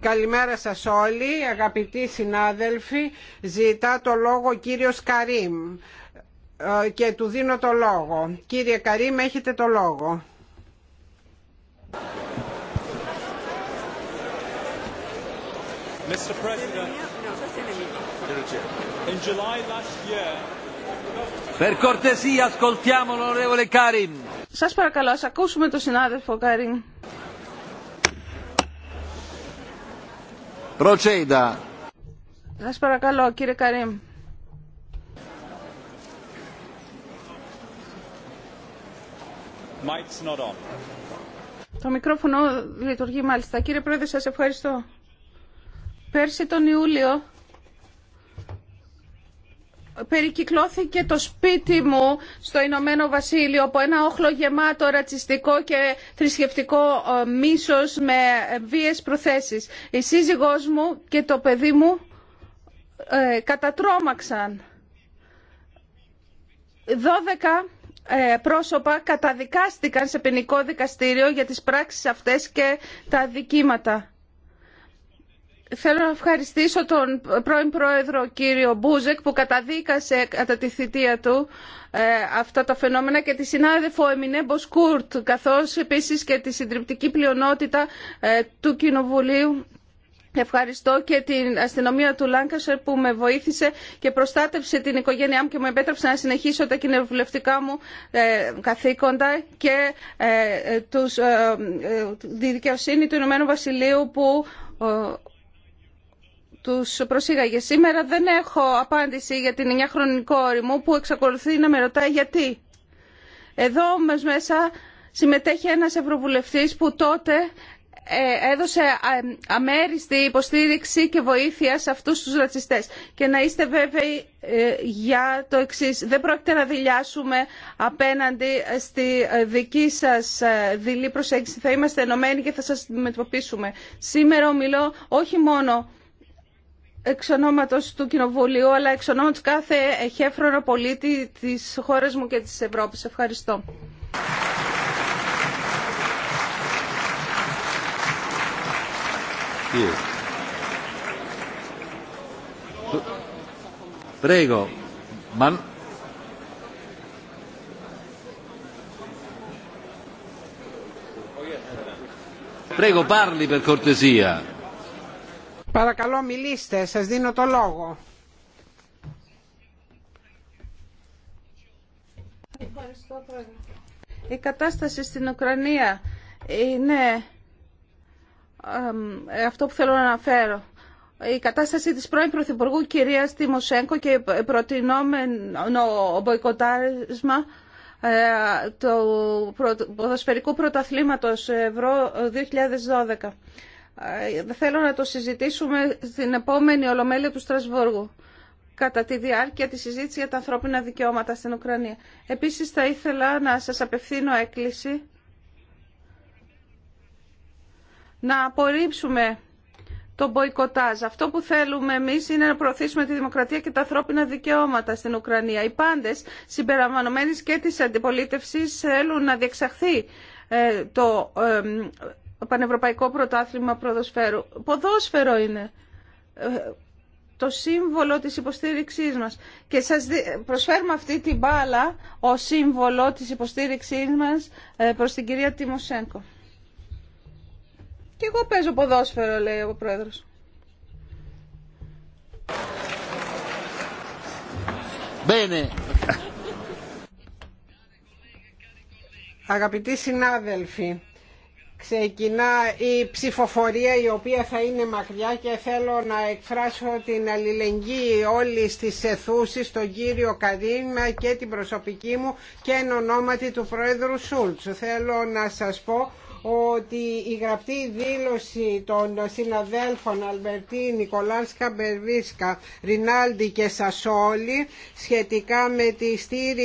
Καλημέρα σας όλοι, αγαπητοί συνάδελφοι. Ζητά το λόγο ο κύριος Καρίμ ε, και του δίνω το λόγο. Κύριε Καρίμ, έχετε το λόγο. Mr. President, in July last year, Per cortesia, ascoltiamo l'onorevole Karim. Σας παρακαλώ, ας ακούσουμε τον συνάδελφο Καρίν. Προτσέιντα. Σας παρακαλώ, κύριε Καρίν. Το μικρόφωνο λειτουργεί μάλιστα. Κύριε Πρόεδρε, σας ευχαριστώ. Πέρσι τον Ιούλιο περικυκλώθηκε το σπίτι μου στο Ηνωμένο Βασίλειο από ένα όχλο γεμάτο ρατσιστικό και θρησκευτικό ε, μίσος με ε, βίες προθέσεις. Η σύζυγός μου και το παιδί μου ε, κατατρόμαξαν. Δώδεκα ε, πρόσωπα καταδικάστηκαν σε ποινικό δικαστήριο για τις πράξεις αυτές και τα δικήματα. Θέλω να ευχαριστήσω τον πρώην πρόεδρο κύριο Μπούζεκ που καταδίκασε κατά τη θητεία του ε, αυτά τα φαινόμενα και τη συνάδελφο Εμινέ Μποσκούρτ καθώς επίσης και τη συντριπτική πλειονότητα ε, του Κοινοβουλίου. Ευχαριστώ και την αστυνομία του Λάγκασερ που με βοήθησε και προστάτευσε την οικογένειά μου και με επέτρεψε να συνεχίσω τα κοινοβουλευτικά μου ε, καθήκοντα και τη δικαιοσύνη του Ηνωμένου Βασιλείου που τους προσήγαγε. Σήμερα δεν έχω απάντηση για την 9 χρονικό μου που εξακολουθεί να με ρωτάει γιατί. Εδώ όμως μέσα συμμετέχει ένας ευρωβουλευτής που τότε ε, έδωσε ε, αμέριστη υποστήριξη και βοήθεια σε αυτούς τους ρατσιστές. Και να είστε βέβαιοι ε, για το εξής. Δεν πρόκειται να δηλιάσουμε απέναντι στη δική σας δειλή προσέγγιση. Θα είμαστε ενωμένοι και θα σας αντιμετωπίσουμε. Σήμερα ομιλώ όχι μόνο εξ ονόματος του Κοινοβουλίου, αλλά εξ ονόματος κάθε εχέφρονο πολίτη της χώρας μου και της Ευρώπης. Ευχαριστώ. Πρέγω. Μαν... Prego, parli per cortesia. Παρακαλώ μιλήστε, σας δίνω το λόγο. Η κατάσταση στην Ουκρανία είναι αυτό που θέλω να αναφέρω. Η κατάσταση της πρώην Πρωθυπουργού κυρίας Τιμοσέγκο και προτινόμενο μποϊκοτάρισμα ε, του ποδοσφαιρικού πρωταθλήματος Ευρώ 2012. Ε, θέλω να το συζητήσουμε στην επόμενη Ολομέλεια του Στρασβούργου κατά τη διάρκεια της συζήτησης για τα ανθρώπινα δικαιώματα στην Ουκρανία. Επίσης θα ήθελα να σας απευθύνω έκκληση να απορρίψουμε το μποϊκοτάζ. Αυτό που θέλουμε εμείς είναι να προωθήσουμε τη δημοκρατία και τα ανθρώπινα δικαιώματα στην Ουκρανία. Οι πάντες, συμπεραμβανωμένες και της αντιπολίτευσης, θέλουν να διεξαχθεί ε, το ε, Πανευρωπαϊκό Πρωτάθλημα Προδοσφαίρου Ποδόσφαιρο είναι ε, το σύμβολο της υποστήριξής μας. Και σας προσφέρουμε αυτή την μπάλα ως σύμβολο της υποστήριξής μας ε, προς την κυρία Τιμοσέγκο. Και εγώ παίζω ποδόσφαιρο, λέει ο πρόεδρος. Αγαπητοί συνάδελφοι, ξεκινά η ψηφοφορία η οποία θα είναι μακριά και θέλω να εκφράσω την αλληλεγγύη όλη της αιθούση τον κύριο Καδίμα και την προσωπική μου και εν ονόματι του Πρόεδρου Σούλτς. Θέλω να σας πω ότι η γραπτή δήλωση των συναδέλφων Αλμπερτή, Νικολάνσκα, Μπερβίσκα, Ρινάλντι και Σασόλη σχετικά με τη στήριξη